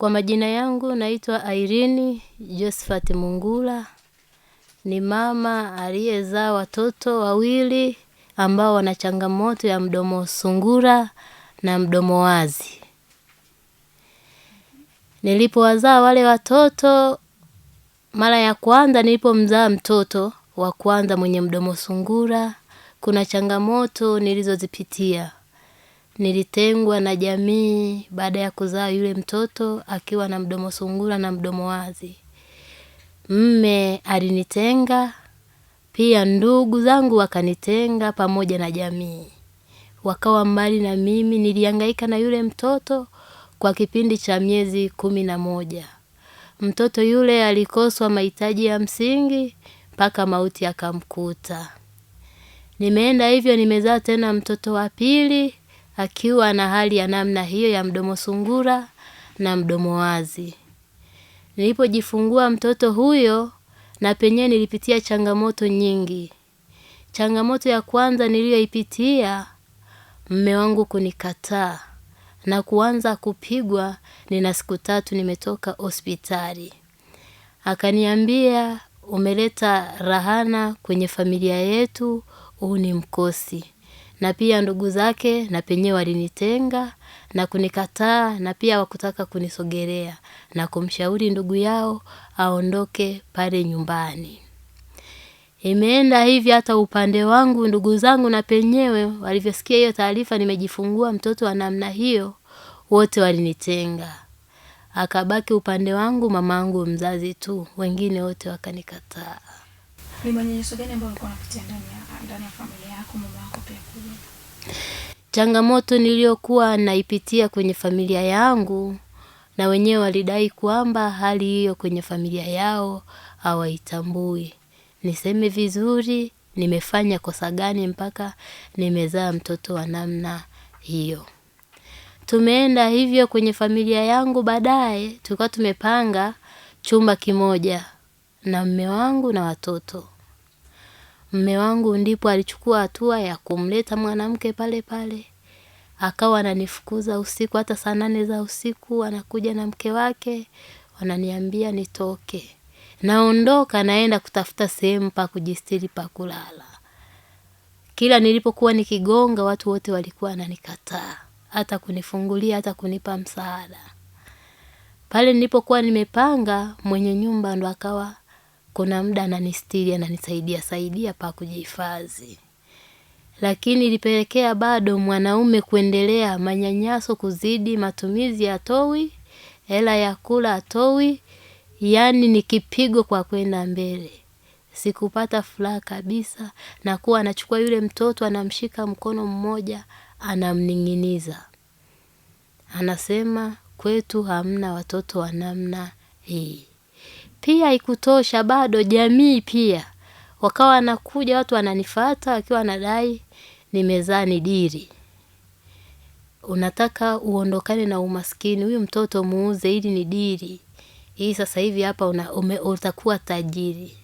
Kwa majina yangu naitwa Irene Josephat Mungula. Ni mama aliyezaa watoto wawili ambao wana changamoto ya mdomo sungura na mdomo wazi. Nilipowazaa wale watoto mara ya kwanza nilipomzaa mtoto wa kwanza mwenye mdomo sungura, kuna changamoto nilizozipitia. Nilitengwa na jamii baada ya kuzaa yule mtoto akiwa na mdomo sungura na mdomo wazi. Mme alinitenga, pia ndugu zangu wakanitenga pamoja na jamii. Wakawa mbali na mimi nilihangaika na yule mtoto kwa kipindi cha miezi kumi na moja. Mtoto yule alikoswa mahitaji ya msingi mpaka mauti akamkuta Nimeenda hivyo nimezaa tena mtoto wa pili akiwa na hali ya namna hiyo ya mdomo sungura na mdomo wazi. Nilipojifungua mtoto huyo na penyewe nilipitia changamoto nyingi. Changamoto ya kwanza niliyoipitia mme wangu kunikataa na kuanza kupigwa nina siku tatu nimetoka hospitali. Akaniambia umeleta rahana kwenye familia yetu huu ni mkosi na pia ndugu zake na penyewe walinitenga na kunikataa na pia wakutaka kunisogelea na kumshauri ndugu yao aondoke pale nyumbani. Imeenda hivi hata upande wangu ndugu zangu na penyewe walivyosikia hiyo taarifa nimejifungua mtoto wa namna hiyo wote walinitenga. Akabaki upande wangu mamangu mzazi tu, wengine wote wakanikataa. Ni manyanyaso gani ambayo ulikuwa unapitia ndani ya ndani ya familia yako, mama yako pia kujua? Changamoto niliyokuwa naipitia kwenye familia yangu, na wenyewe walidai kwamba hali hiyo kwenye familia yao hawaitambui. Niseme vizuri, nimefanya kosa gani mpaka nimezaa mtoto wa namna hiyo. Tumeenda hivyo kwenye familia yangu baadaye, tulikuwa tumepanga chumba kimoja na mme wangu na watoto. Mme wangu ndipo alichukua hatua ya kumleta mwanamke pale pale. Akawa ananifukuza usiku hata saa nane za usiku anakuja na mke wake wananiambia nitoke. Naondoka naenda kutafuta sehemu pa kujistiri pa kulala. Kila nilipokuwa nikigonga watu wote walikuwa wananikataa. Hata kunifungulia hata kunipa msaada. Pale nilipokuwa nimepanga mwenye nyumba ndo akawa kuna muda ananistiri ananisaidia saidia pa kujihifadhi, lakini ilipelekea bado mwanaume kuendelea manyanyaso kuzidi, matumizi ya towi hela ya kula towi yani ni kipigo kwa kwenda mbele. Sikupata furaha kabisa, na kuwa anachukua yule mtoto anamshika mkono mmoja anamning'iniza, anasema kwetu hamna watoto wa namna hii. Pia haikutosha bado jamii pia wakawa wanakuja watu wananifata wakiwa wanadai nimezaa ni diri. Unataka uondokane na umaskini, huyu mtoto muuze ili ni diri. Hii sasa hivi hapa una, ume, utakuwa tajiri.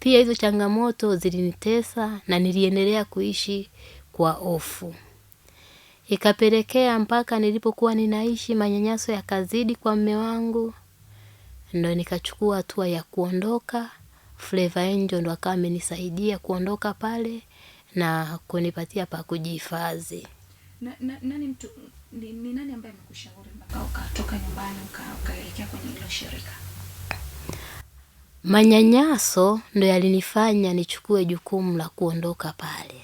Pia hizo changamoto zilinitesa na niliendelea kuishi kwa hofu. Ikapelekea mpaka nilipokuwa ninaishi manyanyaso yakazidi kwa mme wangu ndo nikachukua hatua ya kuondoka. Fleva Angel ndo akawa amenisaidia kuondoka pale na kunipatia pa kujihifadhi. nani mtu ni, ni nani ambaye amekushauri mpaka ukatoka nyumbani ukaelekea kwenye hilo shirika? Manyanyaso ndo yalinifanya nichukue jukumu la kuondoka pale.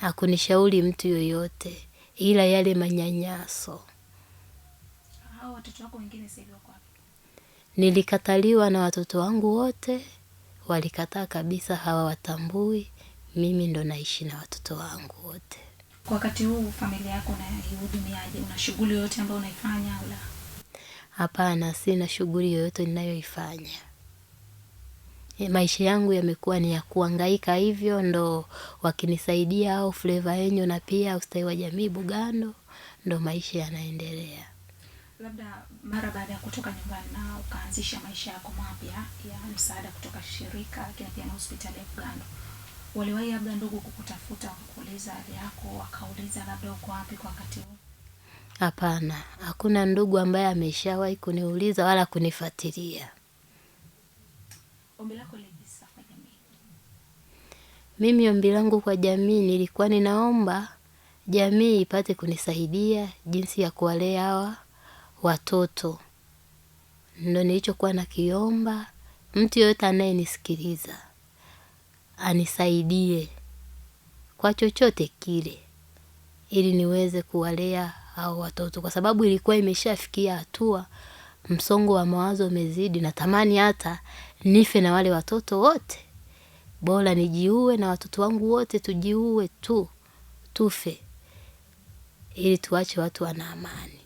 Hakunishauri mtu yoyote, ila yale manyanyaso. Hao watoto wako wengine sasa hivi wako wapi? Nilikataliwa na watoto wangu wote, walikataa kabisa hawawatambui, mimi ndo naishi na watoto wangu wote. wakati huu familia yako unaihudumiaje? Una shughuli yoyote ambayo unaifanya au la? Hapana, sina shughuli yoyote ninayoifanya. E, maisha yangu yamekuwa ni ya kuangaika hivyo ndo wakinisaidia au Fleva Enyo na pia ustawi wa jamii Bugando ndo maisha yanaendelea. Labda mara baada ya kutoka nyumbani na ukaanzisha maisha yako mapya ya msaada kutoka shirika lakini pia na hospitali ya Bugando, waliwahi labda ndugu kukutafuta wakakuuliza hali yako, wakauliza labda uko wapi kwa wakati huo? Hapana, hakuna ndugu ambaye ameshawahi kuniuliza wala kunifuatilia. Ombi lako lipi kwa jamii? Mimi ombi langu kwa jamii nilikuwa ninaomba jamii ipate kunisaidia jinsi ya kuwalea hawa watoto. Ndo nilichokuwa nakiomba mtu yoyote anayenisikiliza anisaidie kwa chochote kile, ili niweze kuwalea hao watoto, kwa sababu ilikuwa imeshafikia hatua msongo wa mawazo umezidi, tamani hata nife na wale watoto wote, bora nijiue na watoto wangu wote, tujiue tu tufe, ili tuwache watu wana amani.